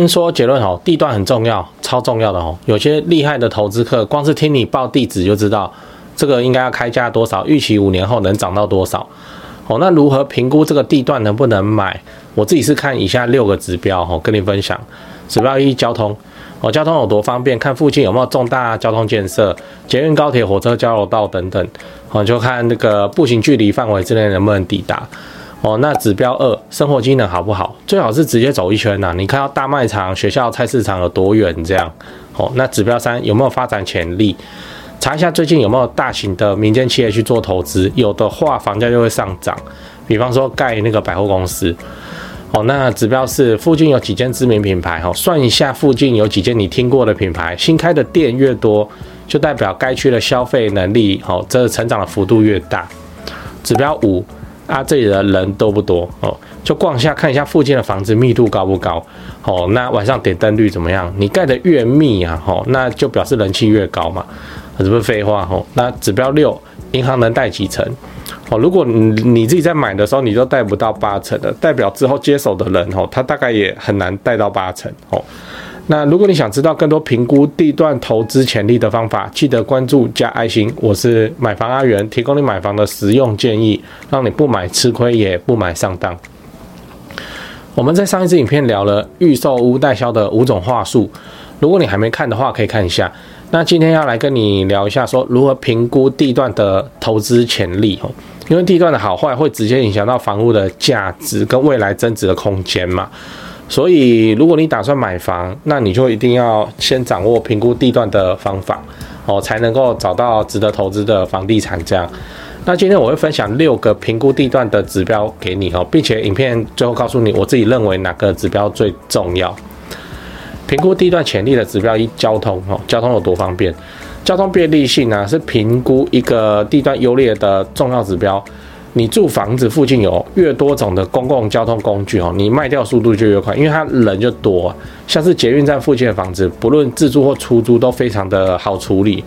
先說結論哦，地段很重要，超重要的哦。有些厲害的投資客，光是聽你報地址，就知道，這個應該要開價多少，預期五年後能漲到多少。哦，那如何評估這個地段能不能買？我自己是看以下六個指標跟你分享。指標一：交通哦，交通有多方便，看附近有沒有重大交通建設，捷運、高鐵、火車、交流道等等。哦，就看那個步行距離範圍之內能不能抵達。哦，那指標二，生活機能好不好？最好是直接走一圈吶、啊，你看到大賣場、學校、菜市場有多遠這樣。哦，那指標三有沒有發展潛力？查一下最近有沒有大型的民間企業去做投資，有的話房價就會上漲。比方說蓋那個百貨公司。哦，那指標四：附近有幾間知名品牌哦，算一下附近有幾間你聽過的品牌，新開的店越多，就代表該區的消費能力哦，這成長的幅度越大。指標五，啊，這裡的人多不多哦，就逛一下，看一下附近的房子密度高不高哦。那晚上點燈率怎麼樣？你蓋得越密啊，吼、哦，那就表示人氣越高嘛，啊、是不是廢話吼、哦？那指標六，銀行能貸幾成？哦，如果你你自己在買的時候你都貸不到八成的，代表之後接手的人吼、哦，他大概也很難貸到八成哦。那如果你想知道更多評估地段投資潛力的方法，記得關注加愛心。我是買房阿元，提供你買房的實用建議，讓你不買吃虧也不買上當。我們在上一支影片聊了預售屋代銷的五種話術，如果你還沒看的話，可以看一下。那今天要來跟你聊一下，說如何評估地段的投資潛力，因為地段的好壞會直接影響到房屋的價值跟未來增值的空間嘛。所以，如果你打算買房，那你就一定要先掌握評估地段的方法哦，才能夠找到值得投資的房地產。這樣，那今天我會分享六個評估地段的指標給你哦，並且影片最後告訴你我自己認為哪個指標最重要。評估地段潛力的指標一：交通哦，交通有多方便？交通便利性呢、啊，是評估一個地段優劣的重要指標。你住房子附近有越多種的公共交通工具哦，你賣掉速度就越快，因為它人就多。像是捷運站附近的房子，不論自住或出租都非常的好處理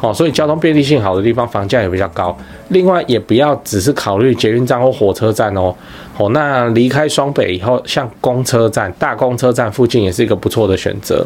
哦。所以交通便利性好的地方，房價也比較高。另外，也不要只是考慮捷運站或火車站哦。好，那離開雙北以後，像公車站、大公車站附近也是一個不錯的選擇。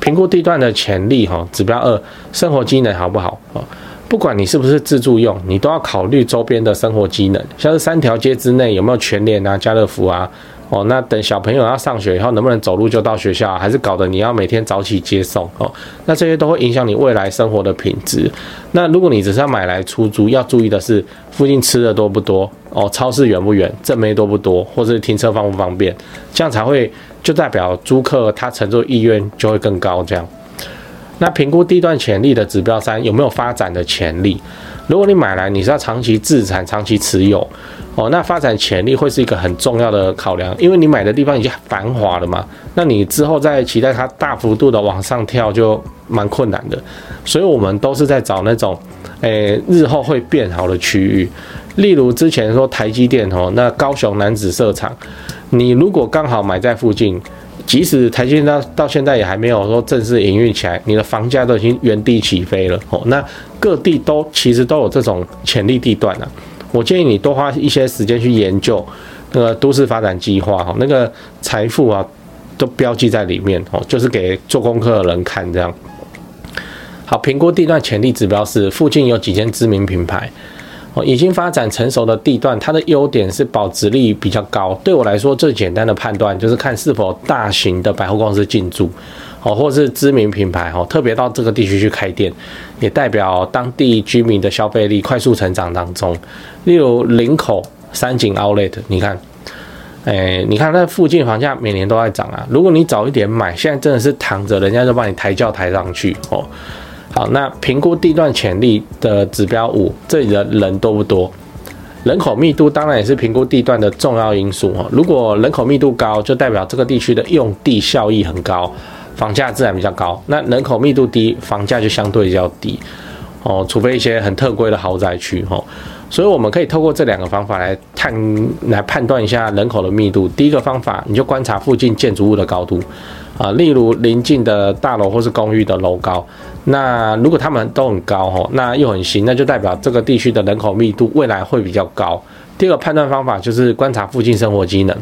評估地段的潛力哈，指標二，生活機能好不好啊？不管你是不是自住用，你都要考慮周邊的生活機能，像是三條街之內有沒有全聯啊、家樂福啊，哦，那等小朋友要上學以後能不能走路就到學校，還是搞得你要每天早起接送哦？那這些都會影響你未來生活的品質。那如果你只是要買來出租，要注意的是附近吃的多不多哦，超市遠不遠，正妹多不多，或是停車方不方便，這樣才會就代表租客他承租意願就會更高，這樣。那評估地段潛力的指標三，有沒有發展的潛力？如果你買來你是要長期置產、長期持有，哦，那發展潛力會是一個很重要的考量，因為你買的地方已經很繁華了嘛，那你之後再期待它大幅度的往上跳就蠻困難的。所以我們都是在找那種，誒、欸，日後會變好的區域，例如之前說台積電哦，那高雄楠梓設廠，你如果剛好買在附近。即使台積電到現在也還沒有說正式營運起來，你的房價都已經原地起飛了哦。那各地都其實都有這種潛力地段呢、啊。我建議你多花一些時間去研究那個都市發展計劃哦，那個財富啊都標記在裡面哦，就是給做功課的人看這樣。好，評估地段潛力指標是附近有幾間知名品牌。已經發展成熟的地段，它的優點是保值率比較高。對我來說，最簡單的判斷就是看是否大型的百貨公司進駐，哦，或是知名品牌特別到這個地區去開店，也代表當地居民的消費力快速成長當中。例如林口三井 Outlet，你看，欸，你看那附近房價每年都在漲啊。如果你早一點買，現在真的是躺着，人家就幫你抬轎抬上去哦。好，那評估地段潛力的指標五，這裡的人多不多？人口密度當然也是評估地段的重要因素哈。如果人口密度高，就代表這個地區的用地效益很高，房價自然比較高。那人口密度低，房價就相對比較低哦。除非一些很特規的豪宅區哈、哦。所以我們可以透過這兩個方法來探來判斷一下人口的密度。第一個方法，你就觀察附近建築物的高度啊，例如臨近的大樓或是公寓的樓高。那如果他們都很高吼，那又很新，那就代表這個地區的人口密度未來會比較高。第二個判斷方法就是觀察附近生活機能。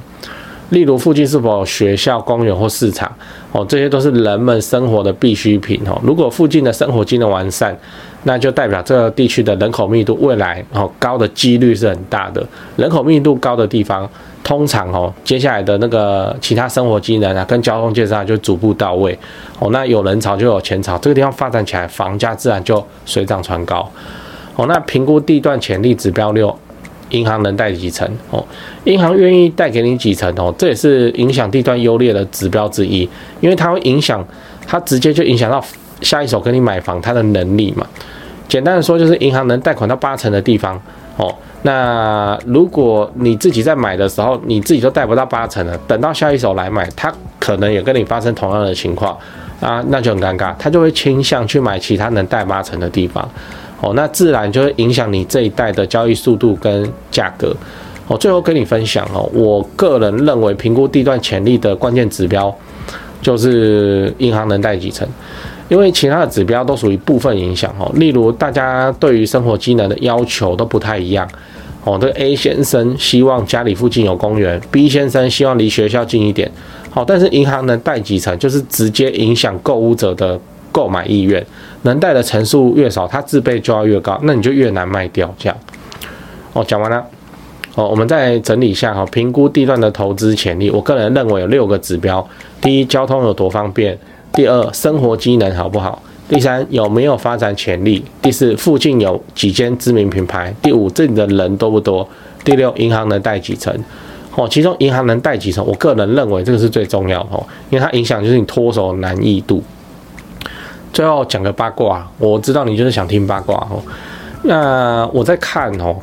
例如附近是否有學校、公園或市場，哦，這些都是人們生活的必需品哦。如果附近的生活機能完善，那就代表這個地區的人口密度未來哦高的幾率是很大的。人口密度高的地方，通常哦接下來的那個其他生活機能啊跟交通建設就逐步到位哦。那有人潮就有錢潮，這個地方發展起來，房價自然就水漲船高。哦，那評估地段潛力指標六。銀行能貸幾成哦？銀行願意貸給你幾成哦？這也是影響地段優劣的指標之一，因為它會影響，它直接就影響到下一手跟你買房它的能力嘛。簡單的說，就是銀行能貸款到八成的地方哦。那如果你自己在買的時候，你自己都貸不到八成了，等到下一手來買，它可能也跟你發生同樣的情況啊，那就很尷尬，他就會傾向去買其他能貸八成的地方。哦，那自然就會影響你這一帶的交易速度跟價格。哦，最後跟你分享哦，我個人認為評估地段潛力的關鍵指標，就是銀行能貸幾成，因為其他的指標都屬於部分影響哦。例如，大家對於生活機能的要求都不太一樣。哦，這個 A 先生希望家裡附近有公園，B 先生希望離學校近一點。好，哦，但是銀行能貸幾成，就是直接影響購屋者的。購買意願，能貸的成數越少，它自備就要越高，那你就越難賣掉。這樣哦，講完了哦，我們再整理一下哈，評估地段的投資潛力。我個人認為有六個指標：第一，交通有多方便；第二，生活機能好不好；第三，有沒有發展潛力；第四，附近有幾間知名品牌；第五，這裡的人多不多；第六，銀行能貸幾成。哦，其中銀行能貸幾成，我個人認為這個是最重要的哦，因為它影響就是你脫手的難易度。最後講個八卦，我知道你就是想聽八卦哦。那我在看哦，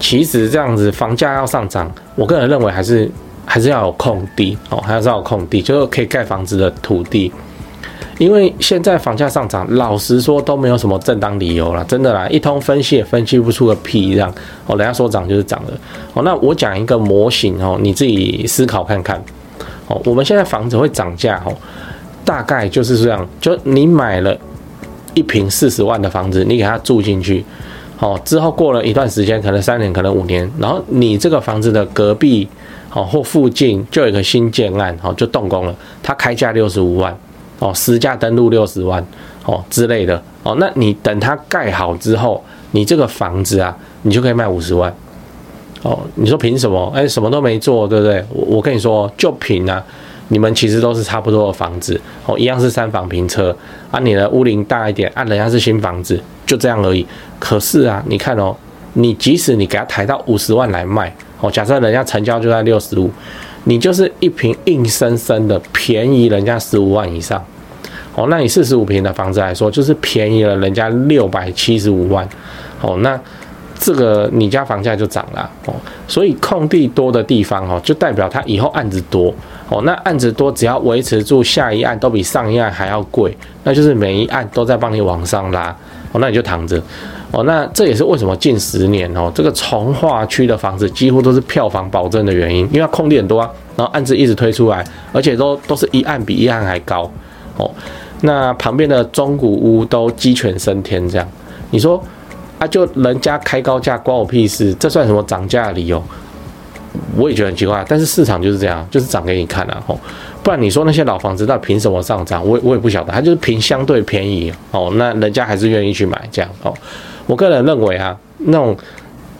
其實這樣子房價要上漲，我個人認為還是還是要有空地哦，還是要有空地，就是可以蓋房子的土地。因為現在房價上漲，老實說都沒有什麼正當理由了，真的啦，一通分析也分析不出個屁這樣。哦，人家說漲就是漲的。哦，那我講一個模型哦，你自己思考看看。哦，我們現在房子會漲價哦。大概就是這樣，就你買了一平四十萬的房子，你給他住進去，好、哦，之後過了一段時間，可能三年，可能五年，然後你這個房子的隔壁，哦或附近就有一個新建案，哦就動工了，他開價六十五萬，哦，實價登錄六十萬，哦之類的，哦，那你等他蓋好之後，你這個房子啊，你就可以賣五十萬，哦，你說憑什麼？誒什麼都沒做，對不對？我，我跟你說，就憑啊。你們其實都是差不多的房子哦，一樣是三房平車啊，你的屋齡大一點啊，人家是新房子，就這樣而已。可是啊，你看哦，你即使你給他抬到五十萬來賣哦，假設人家成交就在六十五，你就是一坪硬生生的便宜人家十五萬以上哦，那你四十五坪的房子來說，就是便宜了人家六百七十五萬哦，那這個你家房價就漲了哦，所以空地多的地方哦，就代表他以後案子多。哦，那案子多，只要維持住下一案，都比上一案還要貴，那就是每一案都在幫你往上拉。哦，那你就躺着。哦，那這也是為什麼近十年哦，這個重劃區的房子幾乎都是票房保證的原因，因為它空地很多啊，然後案子一直推出來，而且都都是一案比一案還高。哦，那旁邊的中古屋都雞犬升天這樣，你說，啊，就人家開高價關我屁事，這算什麼漲價的理由？我也覺得很奇怪，但是市場就是這樣，就是漲給你看啊！哦，不然你說那些老房子，到底憑什麼上漲？我也我也不曉得，它就是憑相對便宜哦，那人家還是願意去買這樣哦。我個人認為啊，那種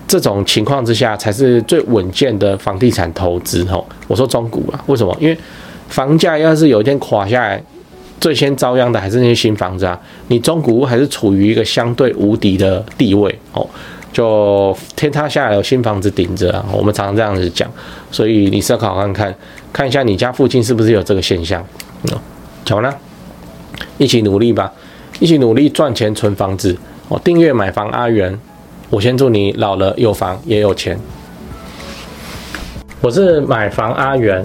這種情況之下才是最穩健的房地產投資哦。我說中古啊，為什麼？因為房價要是有一天垮下來，最先遭殃的還是那些新房子啊。你中古還是處於一個相對無敵的地位哦。就天塌下來有新房子頂着啊！我們常常這樣子講，所以你思考看看，看一下你家附近是不是有這個現象？講完了，一起努力吧！一起努力賺錢存房子。我訂閱買房阿元，我先祝你老了有房也有錢。我是買房阿元。